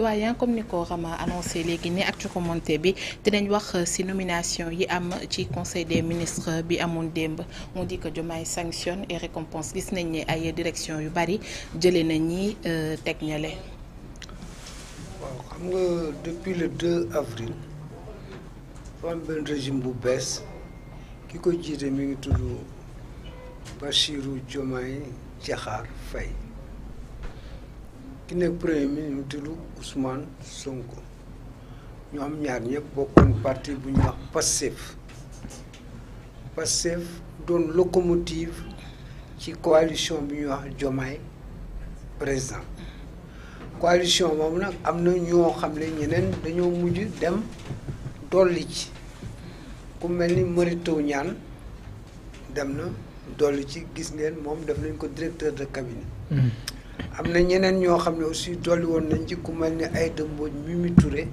doyen comme ni ko xam annoncé léegi ni actu commenté bi te dinañ wax euh, si nomination yi am ci conseil des ministres bi amoon démb on dit que Diomaye sanctionne et récompense gis nañ ne ay direction yu bari jëlee na ñi euh, teg ñale waaw xam nga depuis le 2 avril dafa benn régime bu bees ki ko jiite mi ngi tudd Bassirou Diomaye Diakhar Faye ki nekk premier ministre mu tudd Ousmane Sonko ñoo ñaar ñëpp bokkoon parti bu ñuy wax Pastef Pastef doon locomotive ci coalition bi ñuy wax Jomaay président coalition moom nag am na ñoo xam ne ñeneen dañoo mujj dem dolli ci ku mel ni Mary Teuw dem na dolli ci gis ngeen moom def nañ ko directeur de cabinet. Mm-hmm. am na ñeneen ñoo xam ne aussi dolli woon nañ ci ku mel ni ay Aïda Mbodj Mimi ture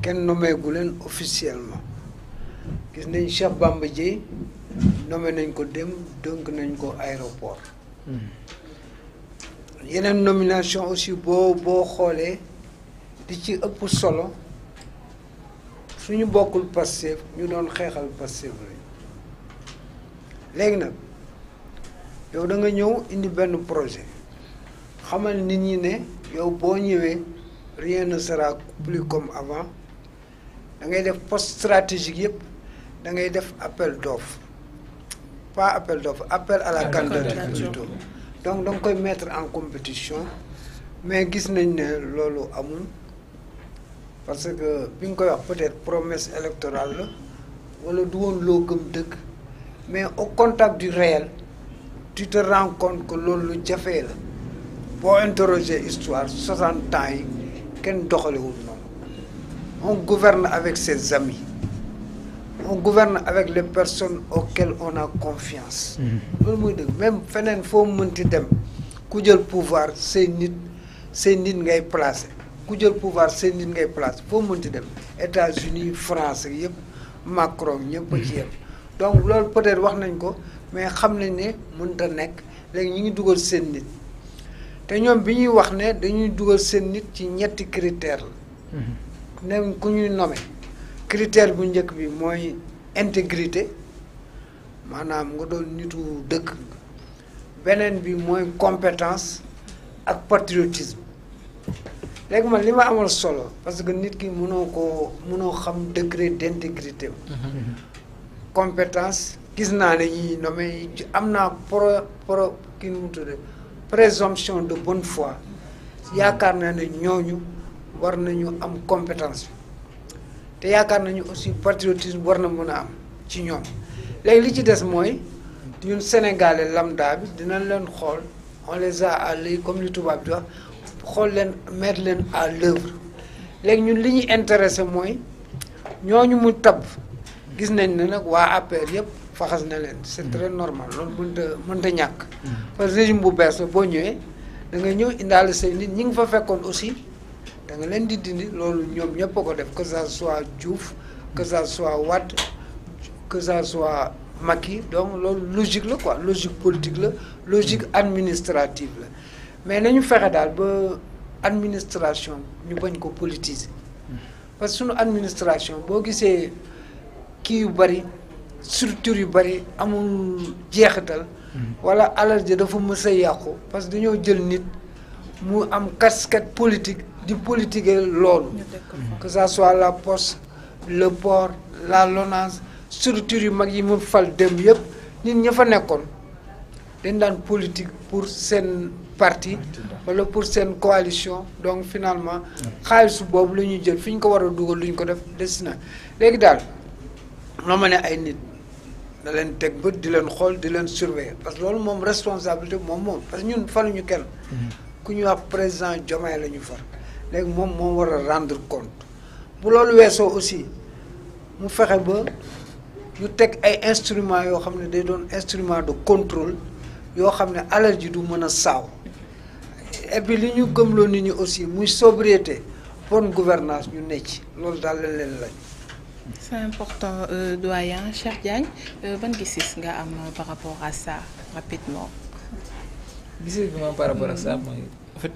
kenn nommé gu leen officiellement gis nañ Cheikh Bamba Dièye nommé nañ ko dem dënk nañ ko aéroport yeneen nomination aussi boo boo xoolee di ci ëpp solo suñu bokkul Pastef ñu doon xeexal Pastef lañ léegi nag yow da nga ñëw indi benn projet xamal nit ñi ne yow boo ñëwee rien ne sera plus comme avant da ngay def post stratégique yëpp da ngay def appel d'offre pas appel d'offre appel à la candidature plutôt donc da nga koy mettre en compétition mais gis nañ ne loolu amul parce que bi nga koy wax peut-être promesse électorale la wala du woon loo gëm dëgg mais au contact du réel tu te rends compte loolu lu la boo interroger histoire soixante temps yi kenn doxalewul noonu on gouverne avec ses amis on gouverne avec les personnes auxquelles on a confiance mm-hmm. loolu mooy dëgg même feneen foo mënti dem ku jël pouvoir say nit say nit ngay placer ku jël pouvoir say nit ngay placer foo mënti dem États-Unis France yëpp Macron ñëpp a ci yem donc loolu peut-être wax nañ ko mais xam nañ ne mënta nekk léegi ñu ngi dugal seen nit te ñoom bi ñuy wax ne dañuy dugal seen nit ci ñetti critère la mhm. ne ku ñuy nommé critère bu njëkk bi mooy intégrité maanaam nga doon nitu dëkk beneen bi mooy compétence ak patriotisme léegi ma li ma amal solo parce que nit ki mënoo koo mënoo xam degré d'intégrité mhm. compétence gis naa ne ñuy nommé am naa pro pro kii nu mu tuddee présomption de bonne foi yaakaar naa ne ñooñu war nañu am compétence te yaakaar nañu aussi patriotisme war na mën a am ci ñoom léegi li ci des mooy ñun sénégalais lambda bi dinañ leen xool on les a à l'œil comme li tubaab di xool leen mettre leen à l'œuvre léegi ñun li ñuy intéressé mooy ñooñu mu tab gis nañ ne nag waa APR yëpp faxas na leen c'est très mm. normal loolu mënta mënta ñàkk mm. parce que régime bu bees la boo ñëwee da nga ñëw indaale say nit ñi nga fa fekkoon aussi da nga leen di dindi loolu ñoom ñëpp a def que ça soit Diouf que ça soit Wade que ça soit Macky logique la quoi politique la logique mm. administrative la mais nañu fexe daal ba administration ñu bañ ko politiser parce que administration boo gisee kii yu bari structure yu bari amul jeexital. wala alal ji dafa mës yàqu parce que dañoo jël nit mu am casquette politique di politiquer loolu. que ça soit la poste le port la lonance structure yu mag yi mu fal dem yëpp nit ña fa nekkoon dañ daan politique pour seen parti walla pour seen coalition donc finalement xaalisu boobu la ñuy jël fi ñu ko war a dugal lu ñu ko def des na léegi daal noo ma ne ay nit. da leen teg bët di leen xool di leen surveiller parce que loolu moom responsabilité moom moom parce que ñun faluñu kenn. Mm-hmm. ku ñu wax président Diomaye la ñu far léegi moom moo war a rendre compte bu loolu weesoo aussi mu fexe ba ñu teg ay instruments yoo xam ne day doon instrument de contrôle yoo xam ne alal du mën a saaw et li ñu gëmloo nit ñi aussi muy sobriété bonne gouvernance ñu ne ci loolu daal leen leen lañ c'est important euh, doyen Cheikh Diagne euh, ban gis nga am euh, par rapport à ça rapidement. gis bi moom par rapport à ça mhm. mooy en fait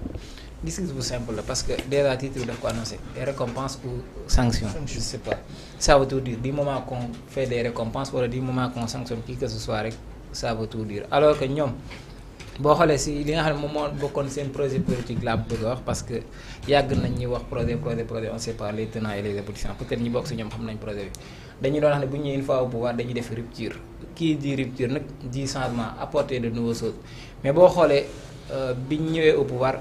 gis bu simple la parce que déjà titre bi daf ko annoncé des récompenses ou sanctions je sais pas ça veut tout dire du moment qu'on fait wala du moment qu'on sanctionne qui que ce soit rek ça veut tout dire alors que ñoom. boo xoolee si li nga xam ne moom moo bokkoon seen projet politique laa bëgg a wax parce que yàgg nañ ñuy wax projet projet projet on sait pas les tenants et les aboutissants peut-être ñi bokk si ñoom xam nañ projet bi wax ne bu ñu ñëwee une fois au pouvoir mais boo xoolee euh, bi ñu ñëwee au pouvoir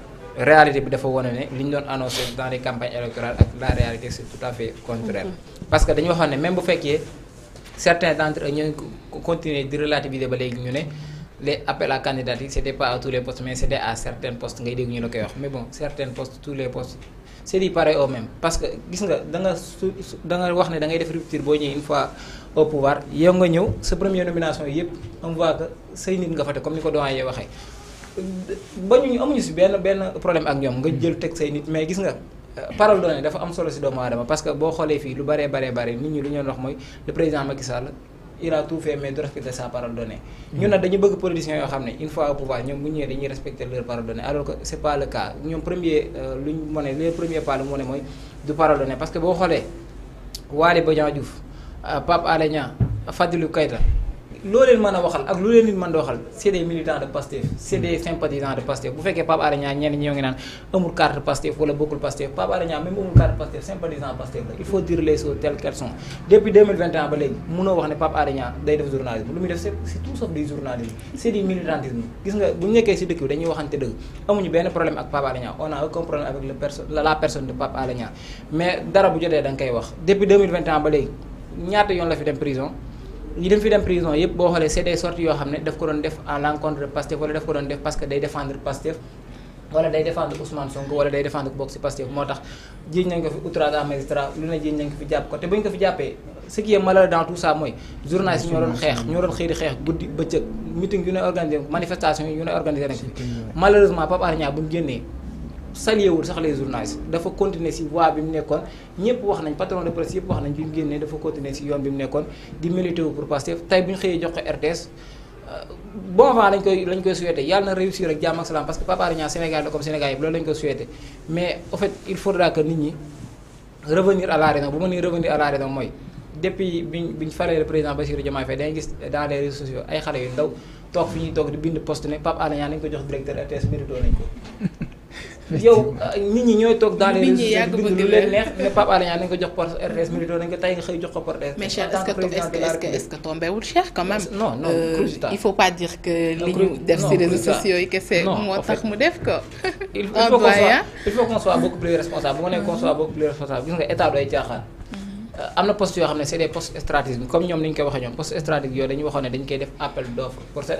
bi dafa wane ne li ñu doon annoncé dans les campagnes à fait contraire mm-hmm. parce que dañu waxoon ne même bu fekkee certains d'entre eux ñoo ngi continuer di relativiser ba léegi ñu ne les appels à candidature c' était pas à tous les postes mais c' était à certains postes ngay dégg ñu la koy wax mais bon certains postes tous les postes c' est du pareil au parce que gis nga da nga su da nga wax ne da ngay def rupture boo ñëwee une fois au pouvoir yow nga ñëw sa première nomination yëpp on voit que say nit nga fa te comme ni ko doyen waxee. ba ñu ñu amuñu si benn benn problème ak ñoom nga hmm. jël teg say nit mais gis nga. Euh, parole donnée dafa am solo si doomu aadama parce que boo xoolee fii lu baree baree bare nit ñi lu ñu wax mooy le il a tout fait mais du respecter sa parole donnée. ñun nag dañu bëgg politiciens yoo xam ne une fois au pouvoir ñoom bu ñëwee dañuy respecter leur parole donnée alors que c' est pas le cas ñoom premier euh, lu ñu mën a les premiers pas lu mu ne mooy du parole donnée parce que boo xoolee Waly Bodian Diouf euh, Pape Alé Niang Fadilou Keita loo leen a waxal ak lu leen nit mën di waxal c'est des militants de Pastef c'est des de Pastef bu fekkee Pape Alé ñoo ngi naan amul carte Pastef wala bokkul Pastef Pape Alé amul carte Pastef sympathisant Pastef la il faut dire les choses telles qu'elles sont depuis 2021 ba léegi mënoo wax ne Pape day def journalisme lu muy def c'est tout sauf du journalisme c'est du gis nga bu nekkee ci dëkk bi dañuy waxante dëgg amuñu benn problème on ñi dem fi dem prison yëpp boo xoolee c'est des sorties yoo xam ne daf ko doon def à l'encontre de Pastef wala daf ko doon def parce que day défendre Pastef wala day défendre Ousmane Sonko wala day défendre bokk si Pastef moo tax jiiñ ñoo doon xeex ñoo doon xeex guddi bëccëg meeting yu ne organisé manifestation yu ne organisé nañ malheureusement Pape Alé Niang génnee salué wul sax les journalistes dafa continuer si voie bi mu nekkoon ñëpp wax nañ patron de presse yëpp wax nañ bi mu génnee dafa continuer si yoon bi mu nekkoon di milité wu pour Pastef tey bu xëyee jox ko RTS euh, bon vent lañ koy lañ yàlla na réussir ak jàmm ak salaam parce que Pape Alé Niang Sénégal la comme Sénégal yëpp loolu lañ koy souhaité mais en fait il faudra que nit ñi revenir à la raison bu ma nee revenir à la raison mooy depuis biñ biñ falee le président gis dans les réseaux sociaux ay xale ñuy toog di bind poste ne ko jox directeur yow euh, nit ñi ñooy toog dans les réseaux sociaux lu leen neex ne Pape Alé Niang ko jox porte RTS mu ko tey nga xëy jox mais Cheikh est-ce que tombewul Cheikh euh, il faut pas dire que li ñu def ci réseaux sociaux yi kese moo tax mu def ko il faut qu'on soit il faut qu'on soit plus responsable bu nee qu'on soit ah. plus responsable gis nga état caaxaan am na postes yoo xam ne c'est des postes comme ñoom ni koy waxee ñoom postes stratégiques yooyu dañu waxoon ne dañu koy def appel d'offres pour pour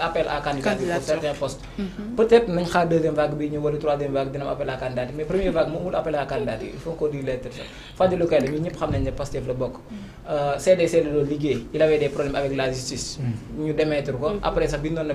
certains postes mhm. peut-être nañ xaar deuxième vague bi ñëw wala troisième vague dina am appel à candidature mais première vague moomul appel à candidature il faut qu'on dise les choses Fadilou Keïta ñun ñëpp xam nañ ne Pastef la bokk CDC mm. euh, la doon liggéey il avait des problèmes avec la justice mm. ñu démettre ko mm. après sax bindoon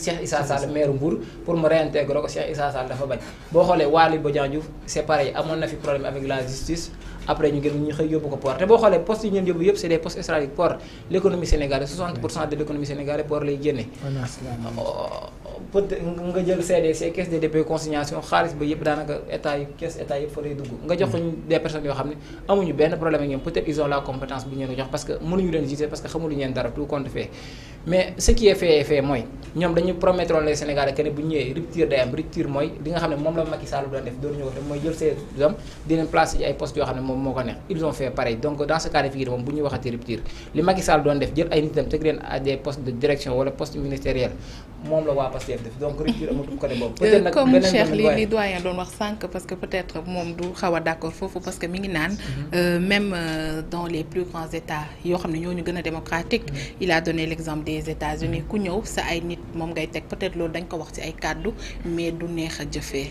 Cheikh Issa Sall maire Mbour pour mu réintégrer ko Cheikh Issa dafa bañ boo xoolee Waly Bodian Diouf c'est amoon na fi problème avec la justice après ñu gën ñu xëy yóbbu ko port te boo xoolee postes yi ñeen yóbbu yëpp c'est des postes stratégiques port l'économie sénégalaise 60 pour cent de l'économie sénégalaise port lay génne oh, oh, oh. peut nga jël CDC caisse de dépôt consignation xaalis ba yëpp daanaka état yi caisse état yëpp fa lay dugg. nga jox ko mm. des personnes yoo xam ne amuñu benn problème ak ñoom peut-être ils ont la compétence bu ñu leen ko bu ñu ñëwee rupture day am rupture mooy li xam ne moom la Macky Sall doon def doon ñëw def mooy jël seen hommes di leen placer ci ay postes yoo xam ne moom moo ko neex ils ont fait pareil donc dans ce cas de figure moom bu ñu waxati rupture li Macky Sall moom waa Pastef def donc rupture amatul côté boobu. peut comme Cheikh li li doyen doon wax sànq parce que peut-être moom du xaw a d'accord foofu parce que mi ngi naan. Mhm. Euh, même euh, dans les plus grands états yoo xam ne ñooñu gën a démocratique. Mhm. il a donné l'exemple des États-Unis mhm. ku ñëw sa ay nit moom ngay teg peut-être loolu dañ ko wax ci ay kàddu mais du neex a jëfee.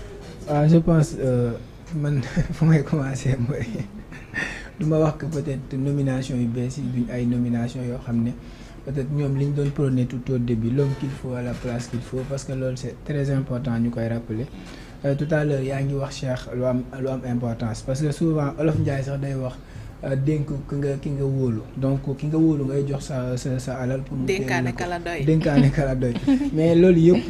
waaw ah, je pense euh, man fu may commencer mooy du ma wax que peut-être nomination yu bees yi duñ ay nomination yoo xam ne peut-être ñoom liñ doon prôné tout au début l'homme qu'il faut à place qu'il faut parce que lool c'est très important ñu koy rappeler euh, tout à yaa ngi wax Cheikh lu am lu am importance parce que souvent Olof Ndiaye sax day wax Euh, dénk ki nga ki nga wóolu donc ki nga wóolu ngay jox sa sa sa alal pour mu dénkaane kala doy dénkaane kala doy mais loolu yëpp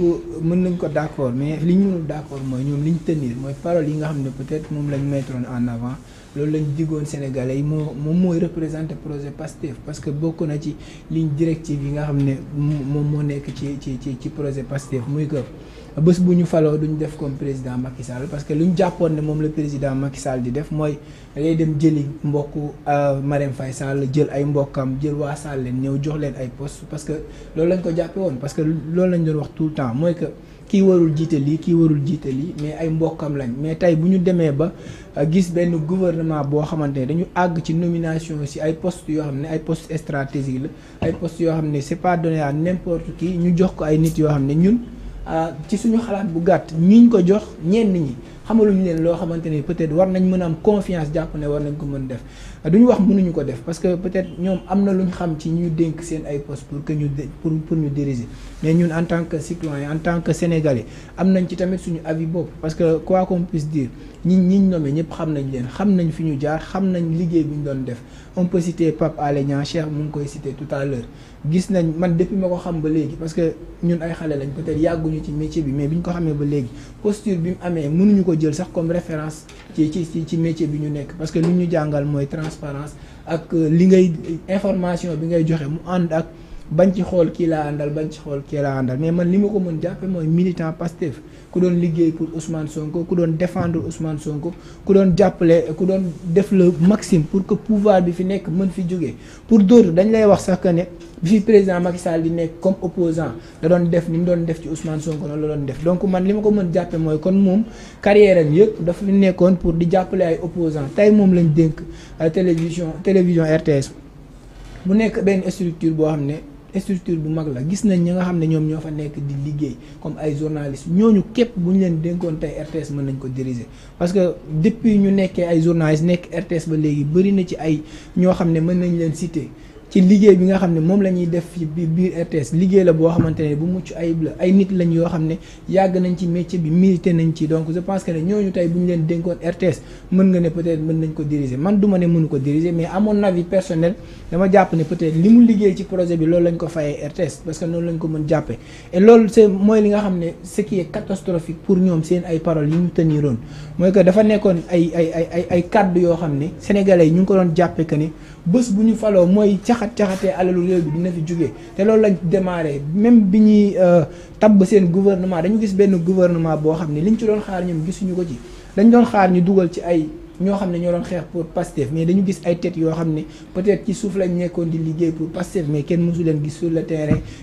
mën nañ ko d' accord mais li ñu d' accord mooy ñoom li ñu mooy parole yi nga xam ne peut être moom lañ mettroon en avant loolu lañ diggoon Sénégalais yi moo moom mooy représenté projet PASTEF parce que bokk na ci ligne directive yi nga xam ne moom moo nekk ci ci ci ci projet PASTEF muy que bés bu ñu faloo duñ def comme président Macky parce que lu ñu jàppoon ne moom la président Macky di def mooy lay dem jëli mbokku euh, Marème Faye Sall jël ay mbokkam jël waa Sall leen ñëw jox leen ay post parce que loolu lañ ko jàppe parce que loolu lañ doon wax tout le temps mooy que kii warul jiite lii kii warul jiite lii mais ay mbokkam lañ mais tey bu ñu demee ba euh, gis benn gouvernement boo xamante ne dañu àgg ci nomination si ay postes yoo xam ne ay postes stratégiques la ay post yoo xam ne c'est pas donné à n'importe qui ñu jox ay nit yoo xam ne ñun Euh, ci suñu xalaat bu gàtt ñiñ ko jox ñenn ñi xamaluñu leen loo xamante ni peut-être war nañ mën a am confiance jàpp ne war nañ ko mën def du wax mënuñu ko def parce que peut-être ñoom am na luñ xam ci ñu dénk seen ay postes pour que ñu pour pour ñu diriger mais ñun en tant que citoyen en tant que sénégalais am nañ ci tamit suñu avis bopp parce que quoi qu'on puisse dire ñi ñiñ nommé ñëpp xam nañ leen xam nañ fi ñu jaar xam nañ liggéey bi doon def on peut citer mu ngi koy citer tout à l'heure gis nañ man depuis ma ko xam parce que ñun ay xale lañ peut yàgguñu ci métier bi mais bi ñu ko xamee ba léegi posture bi mu amee mënuñu ko jël sax comme référence ci ci ci métier bi ñu nekk parce que li ñu jàngal mooy transparence ak euh, li ngay information bi ngay joxe mu ànd ak bañ ci xool kii laa àndal bañ ci xool kii laa àndal mais man li ma ko mën jàppe mooy militant Pastef ku doon liggéey pour Ousmane Sonko ku doon défendre Ousmane Sonko ku doon jàppale ku doon def le maxim pour que pouvoir bi fi nekk mën fi jógee pour d'autres dañ lay wax sax que ne bi fi président Macky Sall di nekk comme opposant da doon def ni mu doon def ci Ousmane Sonko noonu la doon def donc man li ma ko mën jàppe mooy kon moom carrière am yëpp dafa nekkoon pour di jàppale ay opposant tey moom lañ dénk euh, télévision télévision RTS mu nekk benn structure boo xam ne structure bu mag la gis nañ ñi nga xam ne ñoom ñoo fa nekk di liggéey comme ay journalistes ñooñu képp bu ñu leen dénkoon tey RTS mën nañ ko diriger parce que depuis ñu nekkee ay journalistes nekk RTS ba léegi bëri na ci ay ñoo xam ne mën nañ leen citer ci liggéey bi nga xam ne moom la ñuy def bi biir RTS liggéey la boo xamante ne bu mucc ayib la ay nit lañ yoo xam ne yàgg nañ ci métier bi milité nañ ci donc je pense que ne ñooñu tey bu ñu leen dénkoon RTS mën nga ne peut-être mën nañ ko diriger man duma ne mënu ko diriger mais à mon avis personnel dama jàpp ne peut-être li mu liggéey ci projet bi loolu lañ ko fayee RTS parce que noonu lañ ko mën jàppee loolu c'est mooy li nga xam ne ce qui catastrophique pour ñoom seen ay paroles yi mooy que dafa nekkoon ay ay ay ay ay yoo xam ne sénégalais yi ñu ngi ko doon jàppee que ni bës bu ñu faloo mooy caxat caxatee alalu réew bi dina fi jógee te loolu lañ démarré même bi ñuy euh, tabb seen gouvernement dañu gis benn gouvernement boo xam ne liñ ci doon xaar ñoom gisuñu ko ci dañ doon xaar ñu dugal ci ay ñoo xam ne ñoo doon xeex pour Pastef mais dañu gis ay têtes yoo xam ne peut-être ci suuf lañ nekkoon di liggéey pour Pastef mais kenn mosu leen gis sur le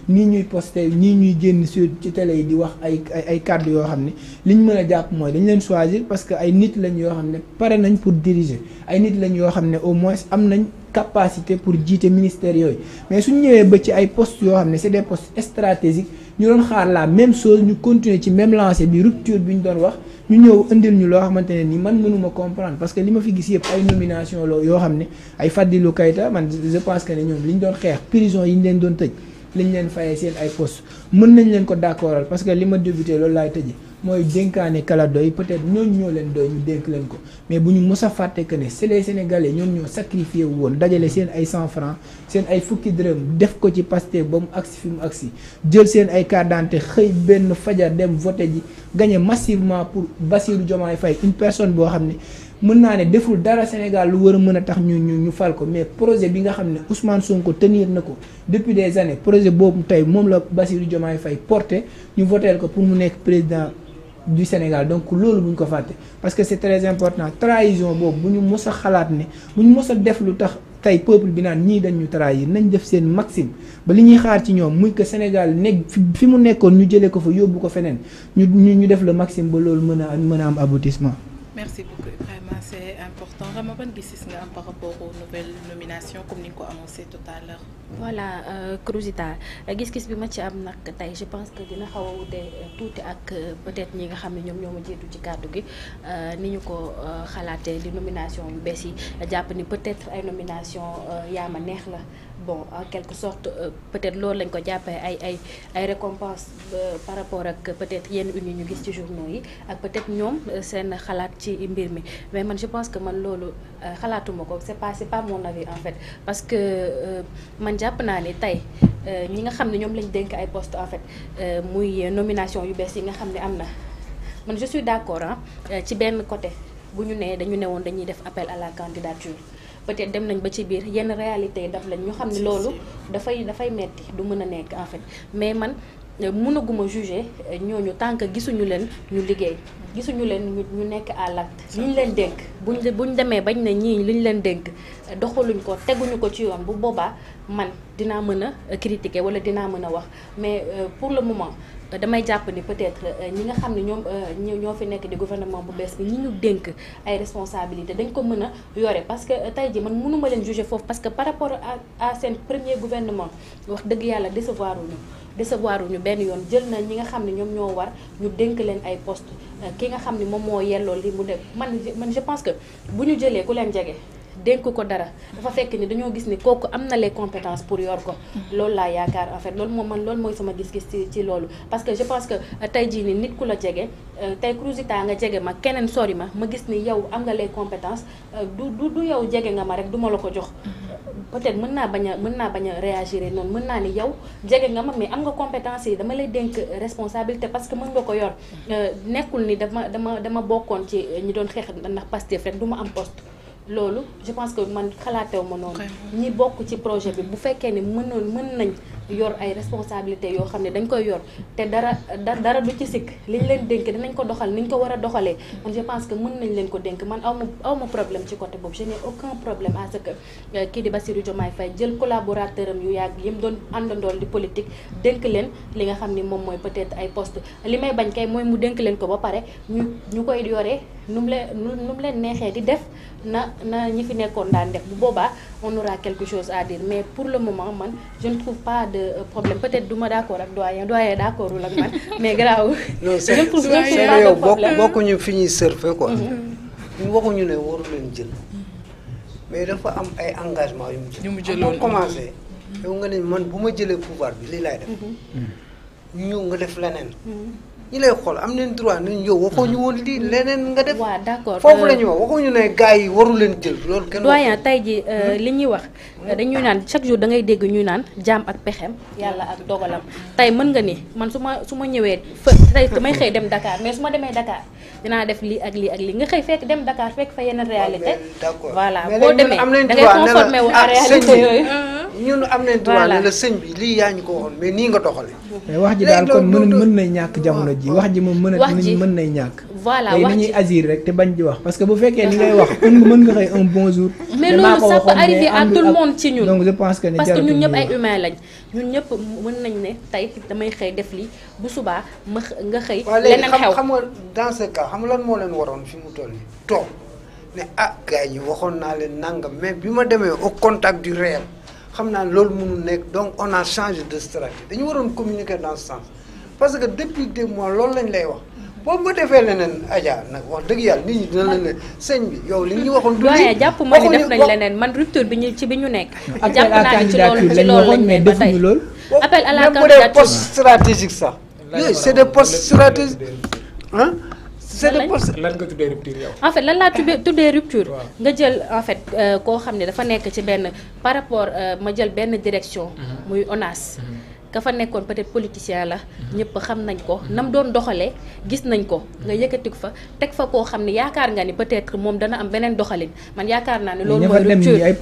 ñuy posté nii ñuy génn sur ci télé yi di ay ay kàddu yoo xam ne liñ mën a jàpp mooy dañu leen choisir parce que ay nit lañ yoo xam ne pare nañ pour diriger ay nit lañ yoo xam ne au moins am nañ capacité pour jiite ministère yooyu mais suñu ñëwee ba ci ay post yoo xam ne c'est des postes stratégiques ñu doon xaar la même chose ñu continuer ci même lancé bi rupture bi ñu doon wax ñu ñëw indil ñu loo xamante ne ni man mënuma comprendre parce que li ma fi gis yëpp ay nomination loo yoo xam ne ay Fadilou Keita man je pense que ne ñoom li ñu doon xeex prison yi ñu leen doon tëj lañ leen fayee seen ay postes mën nañ leen ko d'accordal parce que li ma débuté loolu laay tëjee mooy dénkaane kala doy peut-être ñooñu ñoo leen doy ñu dénk leen ko mais bu ñu mës a que ne c'est les sénégalais ñoom ñoo sacrifié wu woon dajale seen ay cent francs seen ay fukki dërëm def ko ci Pastef ba mu agsi fi mu agsi jël seen ay carte d'identité xëy benn fajar dem voté ji gagné massivement pour Bassirou Diomaye fay une personne boo xam ne mën naa ne deful dara Sénégal lu war a mën a tax ñu ñu ñu fal ko mais projet bi nga xam ne Ousmane Sonko tenir na ko depuis des années projet boobu tey moom la Bassirou Diomaye Faye porté ñu voté ko pour mu nekk président. du Sénégal donc loolu bu ñu ko fàtte parce que c'est très important trahison boobu bu ñu mos a xalaat ne bu ñu mos a def lu tax tey peuple bi naan ñii dañu trahir nañ def seen maxime ba li ñuy xaar ci ñoom muy que Sénégal nekk fi mu nekkoon ñu jëlee ko fa yóbbu ko feneen ñu ñu def le maxime ba loolu mën a mën a am aboutissement merci beaucoup vraiment c'est important Rama ban gis-gis nga am par rapport aux nouvelles nominations comme ni nga ko annoncé tout à l'heure voilà euh, Cruzita gis-gis bi ma ci am nag tey je pense que dina xaw a wute tuuti ak euh, peut-être ñi nga xam ne ñoom ñoo ma jiitu ci kàddu gi euh, ni ñu ko xalaatee di nomination yu bees yi jàpp ni peut-être ay nomination yaa ma neex la bon en quelque sorte euh, peut-être loolu lañ ko jàppee ay ay ay récompense euh, par rapport ak peut-être yenn une ñu gis ci journaux yi ak peut ñoom euh, seen xalaat ci mbir mi mais man je pense que man loolu xalaatuma ko c'est pas c'est pas mon avis en fait parce que man jàpp naa ne tey ñi nga xam ne ñoom lañ dénk ay poste en fait muy nomination yu bees yi nga xam ne am na man je suis d'accord ah ci benn côté bu ñu nee dañu ne woon dañuy def appel à la candidature peut-être dem nañ ba ci biir yenn réalité yi daf lañ ñu xam ne loolu dafay dafay metti du mën a nekk en fait mais man Euh, mënaguma juger euh, ñooñu tant que gisuñu leen ñu liggéey gisuñu leen ñu nekk à l'acte li ñu leen dénk buñ buñ demee bañ na ñii li ñu leen dénk euh, doxaluñ ko teguñu ko ci yoon bu boobaa man dinaa mën a critiquer wala dinaa mën a wax mais pour le moment damay jàpp ni peut-être ñi nga xam ni ñoom ñoo fi nekk di gouvernement bu bees bi ñi ñu dénk ay responsabilités dañ ko mën a yore parce que tey ji man mënuma leen juger foofu parce que par rapport à seen premier gouvernement wax dëgg yàlla décevoir ñu décevoir ñu benn yoon jël nañ ñi nga xam ne ñoom ñoo war ñu dénk leen ay post euh, ki nga xam ni moom moo yelloo li mu def man man je pense que bu ñu jëlee ku leen jege dénk ko dara dafa fekk ni dañoo gis ni kooku am na les compétences pour yor ko loolu laa yaakaar en fait loolu moom man loolu mooy sama gis-gis ci ci loolu parce que je pense que euh, tey jii ni nit ku la jege euh, tey Cruzita nga jege ma keneen sori ma ma gis ni yow am nga les compétence euh, du du du yow jege nga ma rek duma la ko jox peut-être mën naa bañ a mën naa bañ a réagir noonu mën naa ni yow jege nga ma mais am nga compétence yi dama lay dénk responsabilité parce que mën nga ko yor nekkul ni dama dama dama bokkoon ci ñi doon xeex ndax Pastef rek du ma am poste loolu je pense que man xalaatew ma noonu ñi bokk ci projet bi bu fekkee ne mënoon mën nañ yor ay responsabilités yoo xam ne dañ koy yor te dara dara du ci sikk liñ leen dénk danañ ko doxal niñ ko war a doxalee man je pense que mën nañ leen ko dénk man aw ma aw ma problème ci côté boobu je n'ai aucun problème à ce que euh, kii di Bassirou Diomaye Faye jël collaborateur am yu yàgg yi mu doon leen li nga xam ni moom mooy peut-être ay poste li may bañ kay mooy mu dénk leen ko ba pare ñu ñu koy yoree nu mu leen nu mu leen neexee di def na na ñi fi nekkoon daan def bu boobaa on aura quelque chose à dire mais pour le moment man je trouve pas de euh, problème peut-être du ma d'accord ak doyen doyen d'accordul ak ko mais garaaw. non c'est que yow bokkuñu fi ñuy surfer quoi. Mm-hmm. ñu waxuñu ne waru jël. mais dafa am ay engagement yu mu jël. yu mu jël loolu yow nga ne man bu ma jëlee pouvoir bi lii laay def. Mm-hmm. ñu ñëw nga def leneen. Mm-hmm. ñi lay xool am nañ droit nañ yow waxoo ñu woon lii leneen nga def. waaw d'accord foofu euh, la ñu wax waxoo ñu ne gars yi waru leen jël loolu kenn. doyen tey ji euh, li ñuy wax. Euh, dañuy naan chaque jour da ngay dégg ñuy naan jaam ak pexem yàlla ak dogalam tey mën nga ni man su ma su ma ñëwee fa tey damay xëy dem Dakar mais su ma demee Dakar danaa def lii ak lii ak lii nga xëy fekk dem Dakar fekk fa yenn réalité voilà boo demee da ngay conformé wu à ah, réalité yooyu ñun am nañ droit ne la sëñ bi lii yaa ñu ko waxoon mais nii nga doxale wax ji daal kon mën mën nay ñàkk jamono ji wax ji moom mën a mën nay ñàkk voilà wax ji nañuy agir rek te bañ di wax parce que bu fekkee li ngay wax mën mën nga xëy un bon jour mais loolu ça peut arriver à tout le monde ci ñun parce que ñun ñëpp ay humain lañ ñun ñëpp mën nañ ne tey damay xëy def lii bu subaa ma nga xëy leneen xew xam nga dans ce cas xam nga lan moo leen waroon fi mu toll toog ne ah gars yi waxoon naa leen nangam mais bi ma demee o contact du réel xam naa loolu mënul nekk donc on a changé de stratégie dañu waroon communiquer dans ce sens parce que depuis des mois loolu lañ lay wax boobu ma defee leneen Adja nag wax dëgg yàlla nit ñi dina leen ne bi yow li ñu waxoon. du lii waxuñu jàpp ma ni def nañ leneen man rupture bi ñu ci bi ñu nekk. jàpp naa ni ci loolu ci loolu lañ ne ba appel à la candidature même bu dee poste stratégique sax. c'est des postes stratégiques ah. c'est de poste lan nga tuddee rupture yow. en fait lan laa tuddee rupture. nga jël en fait euh, koo xam ni dafa nekk ci benn par rapport euh, ma jël benn direction. Mhm. muy ONAS. Mhm. ka fa nekkoon peut-être politicien la mhm. ñëpp xam nañ ko nam mhm. doon doxale gis nañ ko nga yëkkati ko fa teg fa koo xam ne yaakaar nga ni peut-être moom dana am beneen doxalin man yaakaar naa ne loolu mooy rupture ay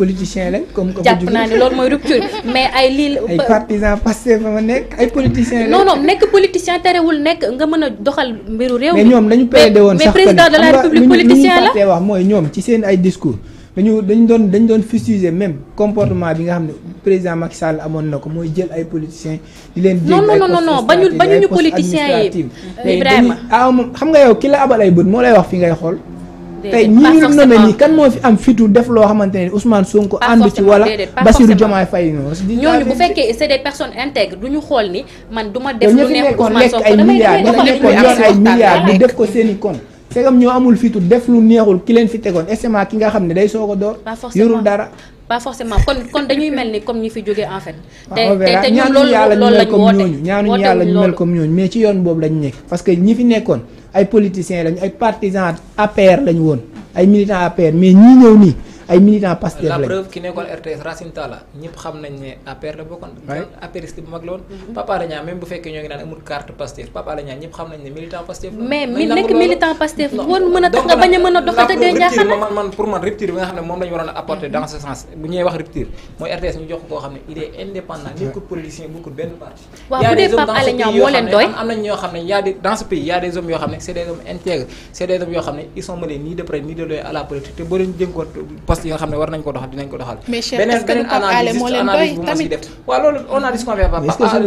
naa ne loolu mooy rupture mais ay lii ay partisans passé fa ma nekk ay politiciens lañ non nekk politicien terewul nekk nga mën a doxal mbiru réew mi ñoom dañu plaidé woon sax mais président de la république politicien la mooy ñoom ci seen ay discours dañu dañ doon dañ doon fustiger même comportement bi nga xam ne président Macky Sall amoon na ko mooy jël ay politiciens. di leen jéem ay non non non bañu bañu ñu politiciens yi Ibrahima ah, yow ki la abal ay bët moo lay wax fi ngay xool. tey ñi ñu ne kan moo fi am fitu def loo xamante ne Ousmane Sonko ànd ci wala Bassirou Diomaye Faye noonu ñooñu bu fekkee c'est des personnes intègres du ñu xool ni man du ma def lu neex Ousmane Sonko damay damay damay di def ko seeni i fegam ñoo amul fitu def lu neexul ki leen fi tegoon SMA ki nga xam ne day soog a door. yorul dara. pas forcément kon kon dañuy mel ni comme ñi fi jógee en fait. te te ñun loolu loolu lañ woote ñaanuñu yàlla ñu mel comme ñooñu mais ci yoon boobu lañ nekk. parce que ñi fi nekkoon ay politiciens lañ ay partisans APR lañ woon ay militants APR mais ñi ñëw nii. ay militants Pastef lañ. la preuve ki nekkoon RTS Racine Talla ñëpp xam nañ ne APR la bokkoon. waay apériste bu mag la woon. Mhm. Pape Alé Niang même bu fekkee ñoo ngi naan amul carte Pastef Pape Alé Niang ñëpp xam nañ ne militant Pastef la. mais mi nekk militant Pastef woon mën a tax nga bañ a mën a dox te dee njaaxal man man pour man rupture bi nga xam ne moom la ñu waroon a apporter dans ce sens bu ñuy wax rupture mooy RTS ñu jox koo xam ne il est indépendant nekkul politicien bokkul benn parti. waaw bu dee Pape Alé Niang moo leen doy am nañ ñoo xam ne y a des dans ce pays y a des hommes yoo xam ne c'est des hommes intègres c'est des hommes yoo xam ne ils sont mêlés ni de près ni de loin à la politique te boo leen jënkoon postes yi nga nañ ko a jox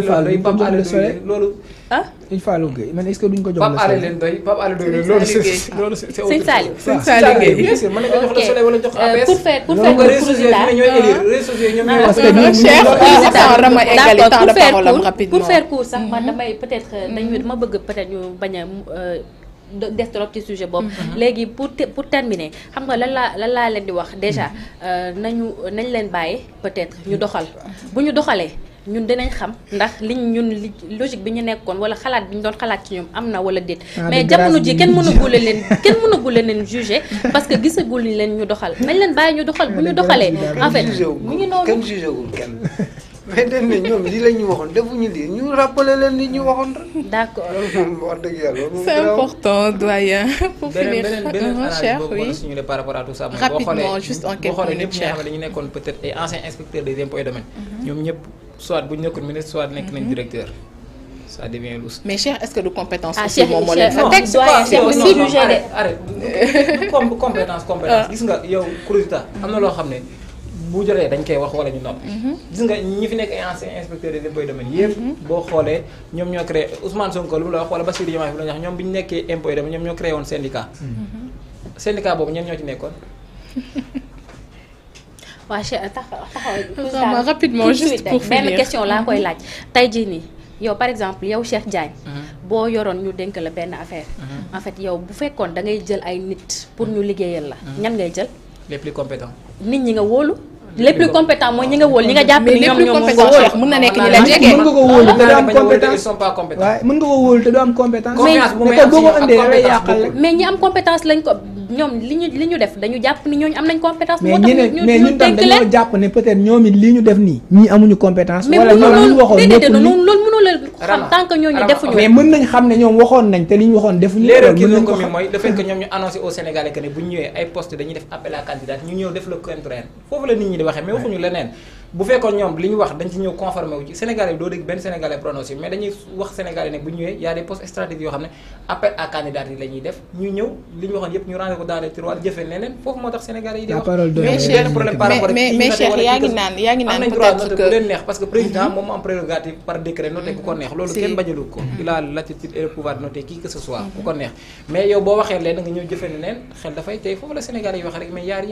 la ah? Pape Alé jox le euh, pour faire pour faire réseaux sax man damay peut-être mm-hmm. dama bëgg peut ñu bañ a euh, def trop ci sujet boobu. Mm-hmm. léegi pour pour terminer xam nga lan laa lan laa leen di wax déjà mm-hmm. euh, nañu nañ leen bàyyi peut-être ñu mm-hmm. doxal bu ñu doxalee. ñun dinañ xam ndax liñ ñun li logique bi ñu nekkoon wala xalaat bi ñu doon xalaat ci ñoom am na wala déet ah, mais jamono ji kenn mënagul leen kenn mënagul leen jugé parce que gisagul leen ñu doxal nañ leen bàyyi ñu doxal bu ñu ah, doxalee en fait mu ngi noonu kenn jugé kenn mais dañ ñoom lii la ñu waxoon defuñu lii ñu rappelé leen li ñu waxoon rek. d' accord loolu important doyen. pour finir beneen beneen cher rapport à tout ça. rapidement juste en mhm. soit bu ñu nekkoon ministre soit nekk nañ mhm. directeur. mais Cheikh est-ce que du compétence. compétence compétence ah. gis nga yow kuréel am na loo xam ne. bu jotee dañ koy wax wala ñu noppi. Mhm. gis nga ñi fi nekk ay anciens inspecteurs des impôts et mhm. boo xoolee ñoom ñoo créé Ousmane Sonko lu mu la wax wala Bassirou Diomaye fi mu la wax ñoom bi ñu nekkee impôts et ñoom ñoo créé woon syndicat. Mhm. syndicat boobu ñoom ñoo ci nekkoon. waa Cheikh taxaw taxaw. rapidement juste pour finir benn question laa koy laaj tey jii nii yow par exemple yow Cheikh Diagne. boo yoroon ñu dénk la benn affaire. en fait yow bu fekkoon da ngay jël ay nit pour ñu liggéeyal la. ñan ngay jël. les plus les plus compétents mooy ñi nga wóol ñi nga jàpp ni ñoom ñoom mën na nekk ñi la jege mën nga ko wóolu te du am compétence waaye nga ko wóolu te du compétence mais boo am compétence lañ ko ñoom li ñu li ñu def dañu jàpp ni ñooñu am nañ compétence. moo tax ñu mais ñun tam ne peut-être ñoom it li ñu def nii. ñii amuñu compétence. wala ñoom ñu waxoon ñëpp nii loolu mënoo la xam tant ñooñu defuñu. mais mën nañ xam ne ñoom waxoon nañ te li ñu waxoon defuñu. loolu mën nañ ko xam mooy le fait que ñoom ñu annoncé au Sénégalais que ne bu ñu ñëwee ay poste dañuy def appel à candidat ñu ñëw def le contraire foofu la nit ñi di waxee mais waxuñu leneen bu fekkoon ñoom li ñu wax dañ ñëw conformé wu ci Sénégalais bi doo dégg benn Sénégalais prononcé mais dañuy wax Sénégalais ne bu ñëwee y a des postes stratégiques yoo xam ne appel à candidat yi la def ñu ñëw li ñu waxoon yëpp ñu rangé ko dans les tiroirs jëfee leneen foofu moo tax Sénégalais yi di wax mais Cheikh yaa ngi naan yaa ngi naan peut-être que leen neex parce que président hmm. moom am prérogative par décret noté ku ko neex loolu kenn hmm. a l'attitude et le pouvoir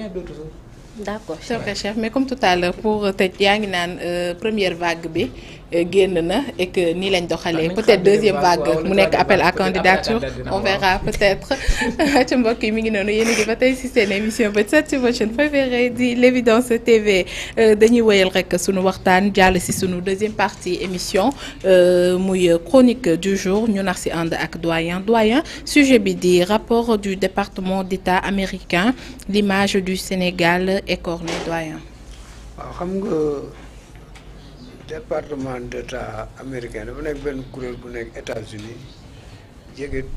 de d' accord très cher mais comme tout à pour tëj yaa ngi naan euh, première vague bi Euh, génn na et que nii lañ doxalee peut-être deuxième vague mu nekk appel à candidature on verra peut-être ci mbokk yi mi ngi noonu yéen a ngi ba tey si seen émission bët set si votre chaîne préférée di l'évidence TV euh, dañuy wéyal rek sunu waxtaan jàll si sunu deuxième partie émission euh, muy chronique du jour ñu nax si ànd ak doyen doyen sujet bi di rapport du département d'État américain l'image du Sénégal écorné doyen waaw xam département d' état américain bu nekk benn kuréel bu nekk États-Unis jege